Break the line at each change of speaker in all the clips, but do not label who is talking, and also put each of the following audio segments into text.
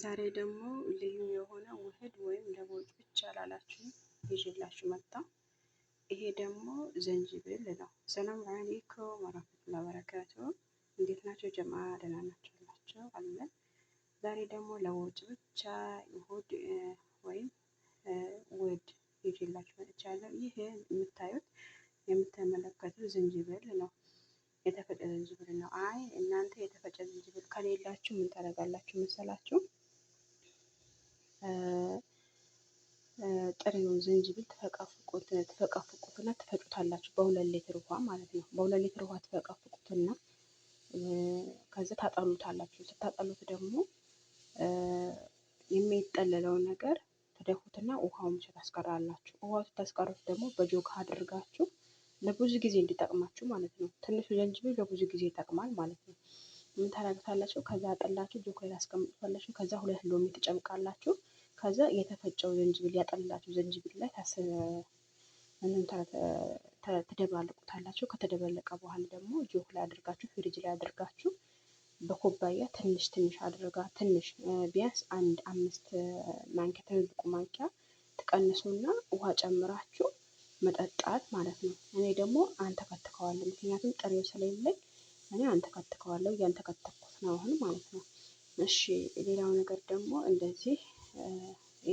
ዛሬ ደግሞ ልዩ የሆነ ውህድ ወይም ለወጥ ብቻ ላላችሁ ይዤላችሁ መጣ። ይሄ ደግሞ ዝንጅብል ነው። ሰላም አለይኩም ወራህመቱላ ወበረካቱ። እንዴት ናቸው ጀማ? ደህና ናቸው ላቸው አለን። ዛሬ ደግሞ ለወጥ ብቻ ውህድ ወይም ውህድ ይዤላችሁ መጥቻለሁ። ይህ የምታዩት የምትመለከቱት ዝንጅብል ነው። የተፈጨ ዝንጅብል ነው። አይ እናንተ የተፈጨ ዝንጅብል ከሌላችሁ ምን ታደርጋላችሁ መሰላችሁ? ጥሬውን ዝንጅብል ትፈቀፍቁትና ትፈጩታላችሁ። በሁለት ሊትር ውሃ ማለት ነው። በሁለት ሊትር ውሃ ትፈቀፍቁትና ከዚህ ታጠሉታላችሁ። ስታጠሉት ደግሞ የሚጠለለውን ነገር ትደፉትና ውሃውን ብቻ ታስቀራላችሁ። ውሃው ስታስቀሩት ደግሞ በጆግ አድርጋችሁ ለብዙ ጊዜ እንዲጠቅማችሁ ማለት ነው። ትንሹ ዝንጅብል ለብዙ ጊዜ ይጠቅማል ማለት ነው። ምን ታደርጉታላችሁ? ከዛ አጠላችሁ ጆግ ላይ ታስቀምጡታላችሁ። ከዛ ሁለት ሎሚ ትጨምቃላችሁ። ከዛ የተፈጨው ዝንጅብል ያጠላችሁ ዝንጅብል ላይ ምንም ትደባልቁታላችሁ። ከተደበለቀ በኋላ ደግሞ ጆክ ላይ አድርጋችሁ ፍሪጅ ላይ አድርጋችሁ በኩባያ ትንሽ ትንሽ አድርጋ ትንሽ ቢያንስ አንድ አምስት ማንኪያ ትልልቁ ማንኪያ ትቀንሱና ውሃ ጨምራችሁ መጠጣት ማለት ነው። እኔ ደግሞ አንተከትከዋለሁ፣ ምክንያቱም ጥሬው ስለሌለኝ እኔ አንተከትከዋለሁ። እያንተከተኩት ነው አሁን ማለት ነው። እሺ ሌላው ነገር ደግሞ እንደዚህ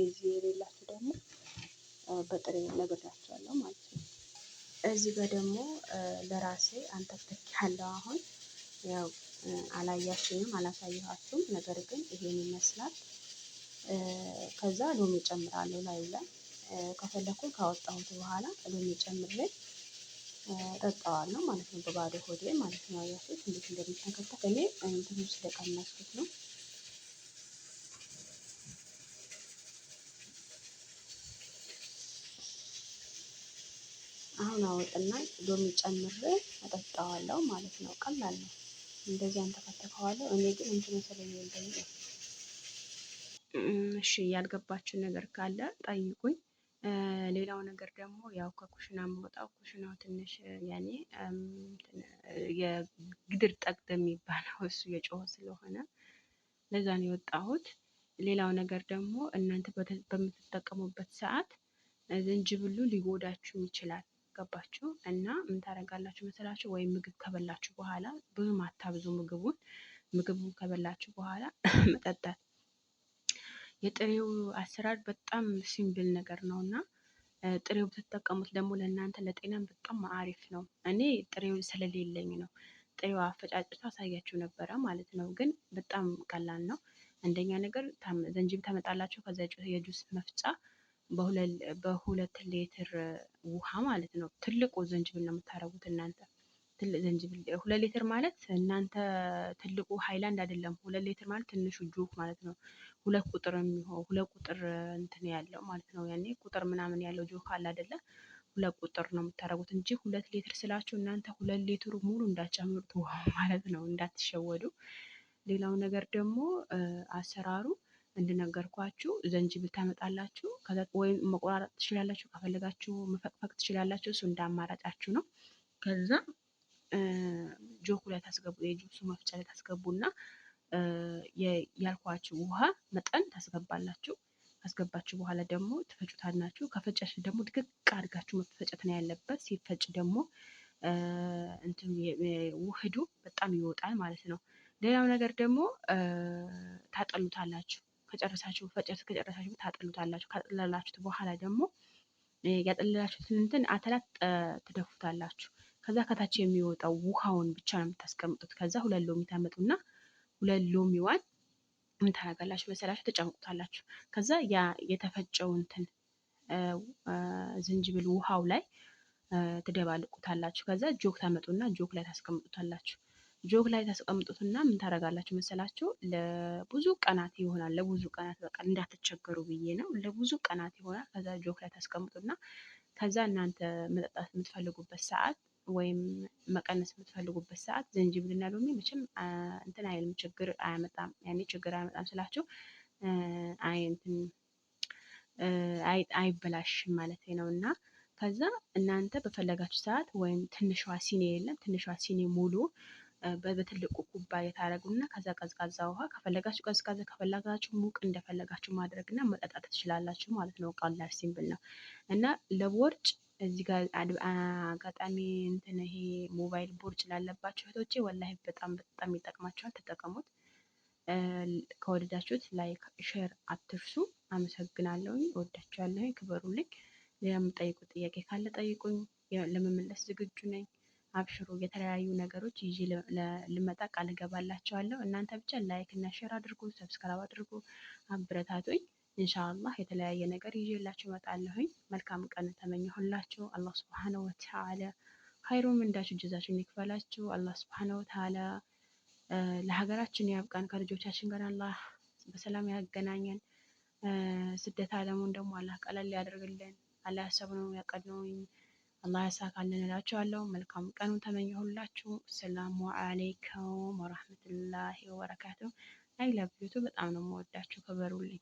እዚህ የሌላችሁ ደግሞ በጥሬ ነግሬያቸዋለሁ ማለት ነው። እዚህ ጋር ደግሞ ለራሴ አንተክተክ ያለው አሁን ያው አላያችሁም አላሳየኋችሁም፣ ነገር ግን ይሄን ይመስላል። ከዛ ሎሚ ጨምራለሁ ላዩ ላይ ከፈለኩ ካወጣሁት በኋላ ሎሚ ጨምሬ ጠጣዋለሁ ማለት ነው። በባዶ ሆዴ ማለት ነው። አያችሁት እንዴት እንደሚተከተክ እኔ ትንሽ ስለቀመስኩት ነው። አሁን አወጥና ሎሚ ጨምሬ አጠጣዋለሁ ማለት ነው። ቀላል ነው። እንደዚህ አንተፈተፈዋለሁ። እኔ ግን እንትን ነው። እሺ። ያልገባችሁ ነገር ካለ ጠይቁኝ። ሌላው ነገር ደግሞ ያው ከኩሽና መውጣው ኩሽናው ትንሽ ያኔ የግድር ጠቅ የሚባለው እሱ የጮኸ ስለሆነ ለዛ ነው የወጣሁት። ሌላው ነገር ደግሞ እናንተ በምትጠቀሙበት ሰዓት ዝንጅብሉ ሊጎዳችሁ ይችላል። አስገባችሁ እና ምን ታደርጋላችሁ መሰላችሁ? ወይም ምግብ ከበላችሁ በኋላ ብዙም አታብዙ ምግቡን። ምግቡን ከበላችሁ በኋላ መጠጣት። የጥሬው አሰራር በጣም ሲምፕል ነገር ነው እና ጥሬው ብትጠቀሙት ደግሞ ለእናንተ ለጤናም በጣም አሪፍ ነው። እኔ ጥሬው ስለሌለኝ ነው ጥሬው አፈጫጭቶ አሳያችሁ ነበረ ማለት ነው። ግን በጣም ቀላል ነው። አንደኛ ነገር ዘንጂብል ታመጣላችሁ። ከዛ የጁስ መፍጫ በሁለት ሌትር ውሃ ማለት ነው። ትልቁ ዝንጅብል ነው የምታደርጉት እናንተ። ትልቅ ዝንጅብል ሁለት ሌትር ማለት እናንተ ትልቁ ሀይላንድ አይደለም። ሁለት ሌትር ማለት ትንሹ ጆክ ማለት ነው። ሁለት ቁጥር የሚሆን ሁለት ቁጥር እንትን ያለው ማለት ነው። ያኔ ቁጥር ምናምን ያለው ጆክ አለ አይደለ? ሁለት ቁጥር ነው የምታደርጉት እንጂ ሁለት ሌትር ስላችሁ እናንተ ሁለት ሌትሩ ሙሉ እንዳትጨምሩት ውሃ ማለት ነው፣ እንዳትሸወዱ። ሌላው ነገር ደግሞ አሰራሩ እንደነገርኳችሁ ዘንጅብል ታመጣላችሁ ወይም መቆራረጥ ትችላላችሁ። ከፈለጋችሁ መፈቅፈቅ ትችላላችሁ። እሱ እንዳማራጫችሁ ነው። ከዛ ጆኩ ላይ ታስገቡ፣ የጁሱ መፍጫ ላይ ታስገቡና ያልኳችሁ ውሃ መጠን ታስገባላችሁ። ካስገባችሁ በኋላ ደግሞ ትፈጩታላችሁ። ከፈጫችሁ ደግሞ ድቅቅ አድርጋችሁ መፈጨት ነው ያለበት። ሲፈጭ ደግሞ እንትን ውህዱ በጣም ይወጣል ማለት ነው። ሌላው ነገር ደግሞ ታጠሉታላችሁ። ከጨረሳችሁ ፈጨት ከጨረሳችሁ ታጥሉታላችሁ። ካጠላላችሁት በኋላ ደግሞ ያጠለላችሁትን እንትን አተላት ትደፉታላችሁ። ከዛ ከታች የሚወጣው ውሃውን ብቻ ነው የምታስቀምጡት። ከዛ ሁለት ሎሚ ታመጡና ሁለት ሎሚዋን ምን ታደርጋላችሁ መሰላችሁ? ትጨምቁታላችሁ። ከዛ ያ የተፈጨው እንትን ዝንጅብል ውሃው ላይ ትደባልቁታላችሁ። ከዛ ጆክ ታመጡና ጆክ ላይ ታስቀምጡታላችሁ። ጆግ ላይ ታስቀምጡትና ምን ታደርጋላችሁ መሰላችሁ? ለብዙ ቀናት ይሆናል። ለብዙ ቀናት በቃ እንዳትቸገሩ ብዬ ነው። ለብዙ ቀናት ይሆናል። ከዛ ጆግ ላይ ታስቀምጡና ከዛ እናንተ መጠጣት የምትፈልጉበት ሰዓት ወይም መቀነስ የምትፈልጉበት ሰዓት ዝንጅብልና ሎሚ መቼም እንትን አይልም፣ ችግር አያመጣም። ያኔ ችግር አያመጣም ስላችሁ አይ እንትን አይበላሽም ማለት ነው። እና ከዛ እናንተ በፈለጋችሁ ሰዓት ወይም ትንሿ ሲኒ የለም፣ ትንሿ ሲኒ ሙሉ በትልቁ ኩባያ ታደርጉና ከዛ ቀዝቃዛ ውሃ ከፈለጋችሁ ቀዝቃዛ ከፈለጋችሁ ሙቅ እንደፈለጋችሁ ማድረግና መጠጣት ትችላላችሁ ማለት ነው። ቀላል ሲምብል ነው እና ለቦርጭ እዚህ ጋር አጋጣሚ እንትን ይሄ ሞባይል ቦርጭ ላለባቸው እህቶቼ ወላሂ በጣም በጣም ይጠቅማቸዋል። ተጠቀሙት። ከወደዳችሁት ላይክ፣ ሼር አትርሱ። አመሰግናለሁኝ። ወዳችኋለሁኝ። ክበሩልኝ። ሌላ የምጠይቁት ጥያቄ ካለ ጠይቁኝ። ለመመለስ ዝግጁ ነኝ። አብሽሩ የተለያዩ ነገሮች ይዤ ልመጣ ቃል እገባላችኋለሁ። እናንተ ብቻ ላይክ እና ሼር አድርጉ፣ ሰብስክራይብ አድርጉ፣ አበረታቱኝ። ኢንሻአላህ የተለያየ ነገር ይዤላችሁ እመጣለሁኝ። መልካም ቀን ተመኘሁላችሁ። አላህ ሱብሓነሁ ወተዓላ ሀይሩም እንዳችሁ ጀዛችሁን ይክፈላችሁ። አላህ ሱብሓነሁ ወተዓላ ለሀገራችን ያብቃን። ከልጆቻችን ጋር አላህ በሰላም ያገናኘን። ስደት አለሙን ደግሞ አላህ ቀለል ያደርግልን። አላህ ያሰብነው ያቀድነውን አላህ ያሳካልን እላችኋለሁ። መልካም ቀኑ ተመኘሁላችሁ። ሰላሙ አሌይኩም ወራህመቱላሂ ወበረካቱ። አይ ላቭ ዩቱ በጣም ነው የምወዳችሁ። ከበሩልኝ።